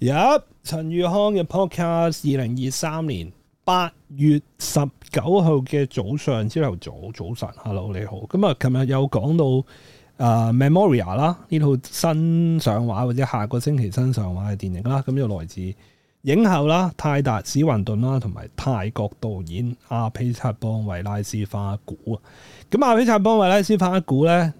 入、yep, 陳宇康嘅 podcast，二零二三年八月十九號嘅早上朝頭早早晨，hello 你好，咁啊，琴日有講到啊 Memoria 啦，呢套新上畫或者下個星期新上畫嘅電影啦，咁就來自影后啦泰達史雲頓啦，同埋泰國導演阿彼察邦韋拉斯花古啊，咁阿彼察邦韋拉斯花古咧。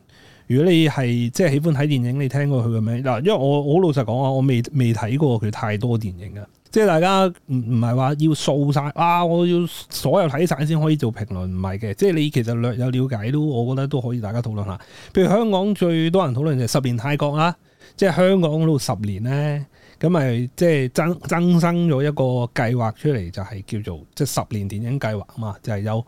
如果你係即係喜歡睇電影，你聽過佢嘅名，嗱，因為我我老實講啊，我未未睇過佢太多電影啊。即係大家唔唔係話要掃晒，啊，我要所有睇晒先可以做評論，唔係嘅。即係你其實略有了解都，我覺得都可以大家討論下。譬如香港最多人討論就係十年泰國啦，即係香港嗰度十年咧，咁咪即係增增生咗一個計劃出嚟，就係叫做即係十年電影計劃啊嘛，就係有，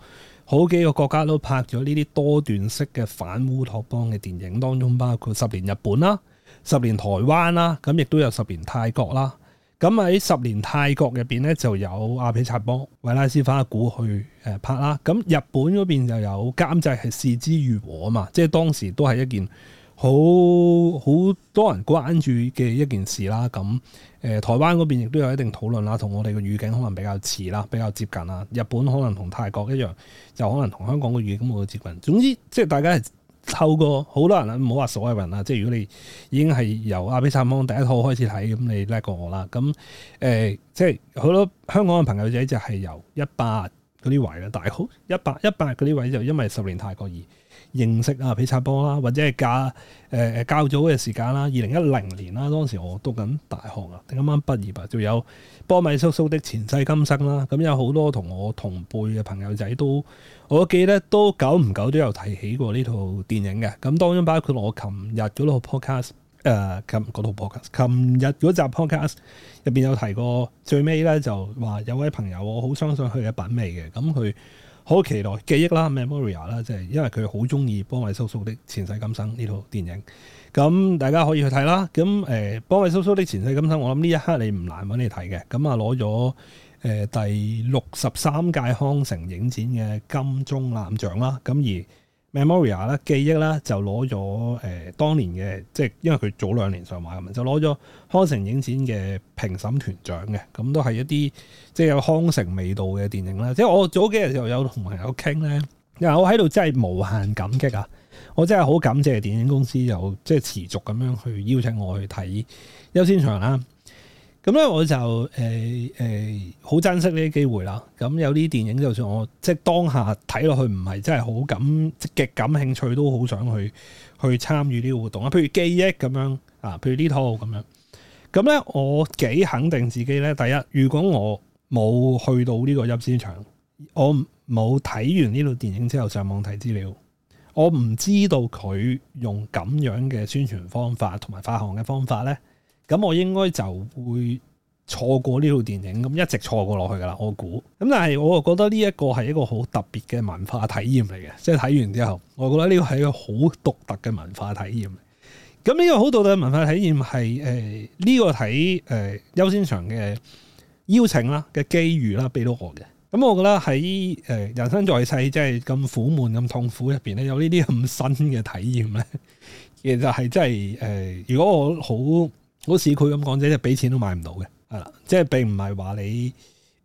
好幾個國家都拍咗呢啲多段式嘅反烏托邦嘅電影，當中包括十年日本啦、十年台灣啦，咁亦都有十年泰國啦。咁喺十年泰國入邊咧，面就有阿彼察邦、韋拉斯花古去拍啦。咁日本嗰邊就有監製係是枝裕和啊嘛，即係當時都係一件。好好多人關注嘅一件事啦，咁、呃、台灣嗰邊亦都有一定討論啦，同我哋嘅語境可能比較似啦，比較接近啦。日本可能同泰國一樣，就可能同香港嘅語境冇咁接近。總之，即係大家係透過好多人，唔好話所有人啦，即係如果你已經係由阿彼察邦第一套開始睇，咁你叻過我啦。咁、呃、即係好多香港嘅朋友仔就係由一八嗰啲位啦，大好，一八一八嗰啲位就因為十年泰國二。認識阿彼察邦啦，或者係較誒較早嘅時間啦，二零一零年啦，當時我讀緊大學啊，啱啱畢業啊，就有《波米叔叔的前世今生》啦。咁有好多同我同輩嘅朋友仔都，我記得都久唔久都有提起過呢套電影嘅。咁當然包括我琴日嗰套 podcast，誒、呃，琴嗰 podcast，琴日嗰集 podcast 入邊有提過。最尾咧就話有位朋友，我好相信佢嘅品味嘅，咁佢。好期待記憶啦，Memoria 啦，即係因為佢好中意《幫位叔叔的前世今生》呢套電影，咁大家可以去睇啦。咁《幫位叔叔的前世今生》我諗呢一刻你唔難揾你睇嘅。咁啊攞咗第六十三屆康城影展嘅金棕櫚獎啦。咁而 Memoria 啦，Mem oria，記憶啦，就攞咗誒當年嘅，即係因為佢早兩年上畫咁，就攞咗康城影展嘅評審團獎嘅，咁都係一啲即係有康城味道嘅電影啦。即係我早幾日就有同朋友傾咧，因為我喺度真係無限感激啊！我真係好感謝電影公司有即係持續咁樣去邀請我去睇優先場啦。咁咧我就誒好、欸欸、珍惜呢啲機會啦。咁有啲電影就算我即係、就是、當下睇落去唔係真係好感即係極感興趣，都好想去去參與呢個活動啊。譬如記憶咁樣啊，譬如呢套咁樣。咁咧我幾肯定自己咧，第一，如果我冇去到呢個優先場，我冇睇完呢套電影之後上網睇資料，我唔知道佢用咁樣嘅宣傳方法同埋發行嘅方法咧。咁我應該就會錯過呢套電影，咁一直錯過落去噶啦。我估，咁但係我又覺得呢一個係一個好特別嘅文化體驗嚟嘅，即係睇完之後，我覺得呢個係一個好獨特嘅文化體驗。咁呢個好獨特嘅文化體驗係誒呢個睇誒優先場嘅邀請啦、嘅機遇啦，俾到我嘅。咁我覺得喺誒、呃、人生在世，即係咁苦悶、咁痛苦入邊咧，有這這呢啲咁新嘅體驗咧，其實係真係誒、呃，如果我好。好似佢咁講啫，俾錢都買唔到嘅，係啦，即係並唔係話你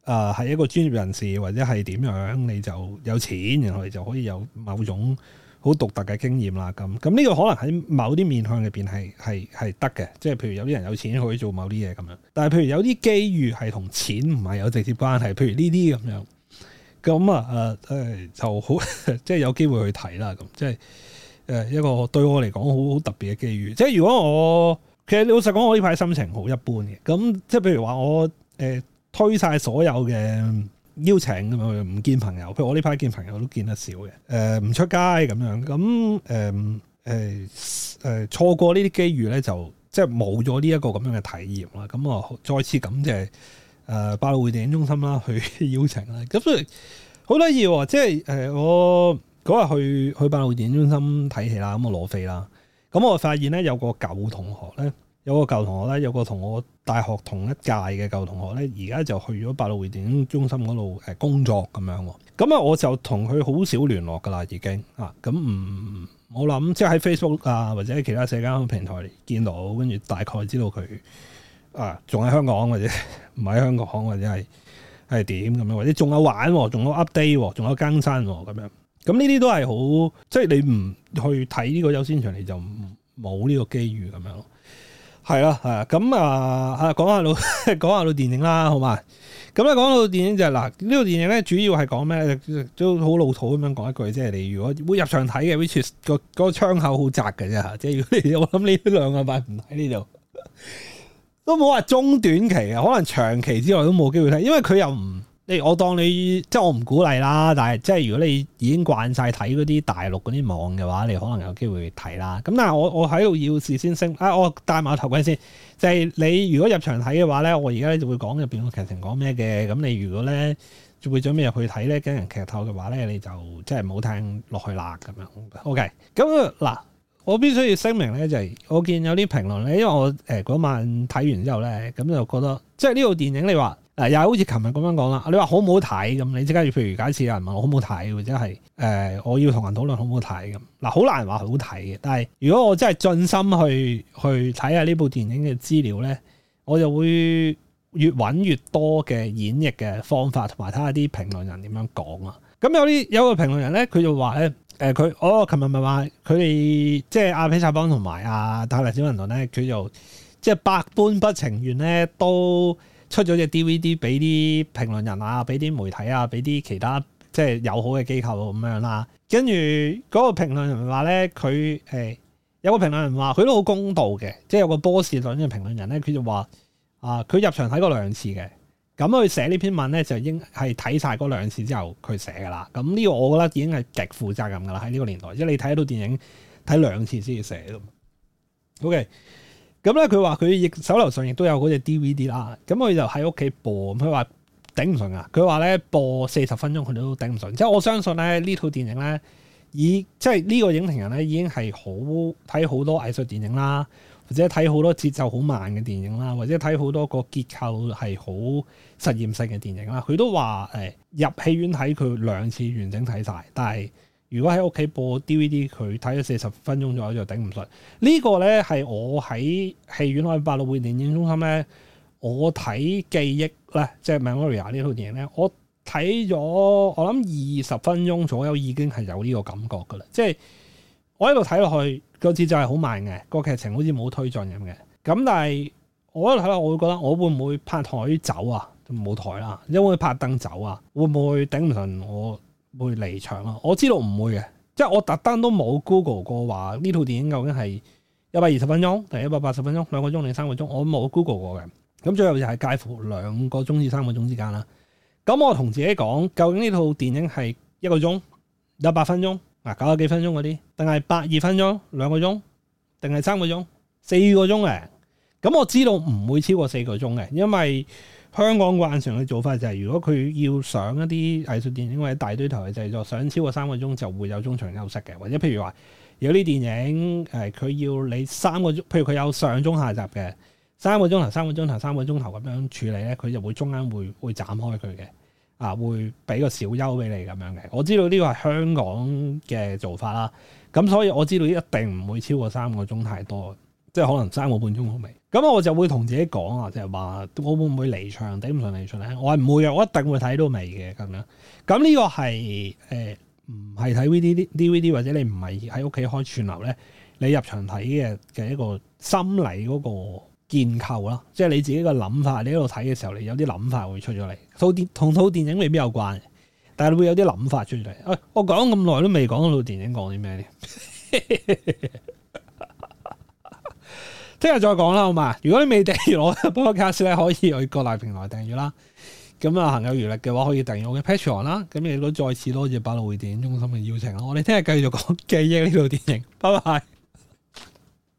係一個專業人士或者係點樣，你就有錢然後你就可以有某種好獨特嘅經驗啦。咁咁呢個可能喺某啲面向入邊係係係得嘅，即係譬如有啲人有錢可以做某啲嘢咁樣，但係譬如有啲機遇係同錢唔係有直接關係，譬如呢啲咁樣，咁啊、呃、就好，即係有機會去睇啦。咁即係一個對我嚟講好好特別嘅機遇，即係如果我。其實老實講，我呢排心情好一般嘅，咁即係譬如話我誒、呃、推晒所有嘅邀請咁啊，唔見朋友。譬如我呢排見朋友都見得少嘅，誒、呃、唔出街咁樣，咁誒誒誒錯過呢啲機遇咧，就即係冇咗呢一個咁樣嘅體驗啦。咁啊再次感謝誒百老匯電影中心啦，去邀請啦。咁所以好得意，即係誒、呃、我嗰日去去百老匯電影中心睇戲啦，咁我攞飛啦。咁我發現咧，有個舊同學咧，有個舊同學咧，有個同我大學同一屆嘅舊同學咧，而家就去咗百老匯電影中心嗰度誒工作咁樣。咁啊，嗯、我就同佢好少聯絡噶啦，已經嚇。咁唔好啦，咁即係喺 Facebook 啊，或者其他社交平台見到，跟住大概知道佢啊，仲喺香港或者唔喺香港，或者係係點咁樣，或者仲有玩，仲有 update，仲有更新咁、啊、樣。咁呢啲都係好，即係你唔去睇呢個優先場，你就冇呢個機遇咁樣咯。係啊，係啊。咁啊，講下到講下到電影啦，好嘛？咁咧講到電影就係嗱，呢套電影咧主要係講咩？都好老土咁樣講一句，即係你如果會入場睇嘅，which 個個窗口好窄嘅啫吓。即係如果你我諗你兩個禮拜唔睇呢度，都冇話中短期，可能長期之外都冇機會睇，因為佢又唔。我當你即係我唔鼓勵啦，但係即係如果你已經慣晒睇嗰啲大陸嗰啲網嘅話，你可能有機會睇啦。咁但係我我喺度要事先聲明啊，我戴埋頭盔先。就係、是、你如果入場睇嘅話呢，我而家就會講入邊個劇情講咩嘅。咁你如果呢就會準備入去睇呢驚人劇透嘅話呢，你就即係冇聽落去啦咁樣。OK，咁嗱，我必須要聲明呢，就係、是、我見有啲評論呢，因為我誒嗰、欸、晚睇完之後呢，咁就覺得即係呢套電影你話。嗱，又係好似琴日咁樣講啦。你話好唔好睇咁？你即刻，要譬如假設有人問我好唔好睇，或者係誒，我要同人討論好唔好睇咁。嗱，好難話好睇嘅。但係如果我真係盡心去去睇下呢部電影嘅資料咧，我就會越揾越多嘅演繹嘅方法同埋睇下啲評論人點樣講啊。咁有啲有個評論人咧，佢就話咧，誒佢哦琴日咪話佢哋即係阿彼察邦同埋阿泰達史雲頓咧，佢就。即係百般不情願咧，都出咗隻 DVD 俾啲評論人啊，俾啲媒體啊，俾啲其他即係友好嘅機構咁、啊、樣啦、啊。跟住嗰個評論人話咧，佢誒有個評論人話佢都好公道嘅，即係有個波士頓嘅評論人咧，佢就話啊，佢入場睇過兩次嘅。咁佢寫呢篇文咧就已經係睇晒嗰兩次之後佢寫噶啦。咁呢個我覺得已經係極負責任噶啦。喺呢個年代，即係你睇到電影睇兩次先至寫。OK。咁咧，佢話佢亦手頭上亦都有嗰隻 DVD 啦，咁佢就喺屋企播。佢話頂唔順啊！佢話咧播四十分鐘佢都頂唔順。即係我相信咧呢套電影咧，即係呢個影評人咧已經係好睇好多藝術電影啦，或者睇好多節奏好慢嘅電影啦，或者睇好多個結構係好實驗性嘅電影啦。佢都話、誒、入戲院睇佢兩次完整睇晒，但係。如果喺屋企播 DVD，佢睇咗四十分鐘左右就頂唔順。呢個咧係我喺戲院，我喺百老匯電影中心咧，我睇記憶咧，即係 Memoria 呢套電影咧，我睇咗我諗二十分鐘左右已經係有呢個感覺噶啦。即係我一路睇落去個節奏係好慢嘅，個劇情好似冇推進咁嘅。咁但係我一度睇落，我會覺得我會唔會拍台走啊？冇台啦，因為拍燈走啊，會唔會頂唔順我？會離場啊，我知道唔會嘅，即係我特登都冇 Google 過話呢套電影究竟係一百二十分鐘定一百八十分鐘，兩個鐘定三個鐘，我冇 Google 過嘅。咁最後就係介乎兩個鐘至三個鐘之間啦。咁我同自己講，究竟呢套電影係一個鐘一百分鐘啊，九十幾分鐘嗰啲，定係百二分鐘兩個鐘，定係三個鐘四個鐘嘅？咁我知道唔會超過四個鐘嘅，因為。香港慣常嘅做法就係、是，如果佢要上一啲藝術電影或者大堆頭嘅製作，上超過三個鐘就會有中場休息嘅，或者譬如話有啲電影誒，佢、呃、要你三個鐘，譬如佢有上中下集嘅三個鐘頭、三個鐘頭、三個鐘頭咁樣處理咧，佢就會中間會會斬開佢嘅，啊會俾個小休俾你咁樣嘅。我知道呢個係香港嘅做法啦，咁所以我知道這一定唔會超過三個鐘太多。即係可能爭我半鐘好未，咁我就會同自己講啊，即係話我會唔會離場？頂唔順離場咧？我係唔會啊，我一定會睇到尾嘅咁樣。咁呢個係誒唔係睇 VD DVD 或者你唔係喺屋企開串流咧？你入場睇嘅嘅一個心理嗰個建構啦，即係你自己個諗法。你喺度睇嘅時候，你有啲諗法會出咗嚟套電，同套電影未必有關，但係會有啲諗法出嚟、哎。我講咁耐都未講到套電影講啲咩咧？ 聽日再講啦，好嘛？如果你未訂閱，我嘅 Podcast 咧可以去各大平台訂閱啦。咁啊，行有餘力嘅話，可以訂閱我嘅 Patreon 啦。咁亦都再次多謝百老匯電影中心嘅邀請啦。我哋聽日繼續講記憶呢套電影。拜拜。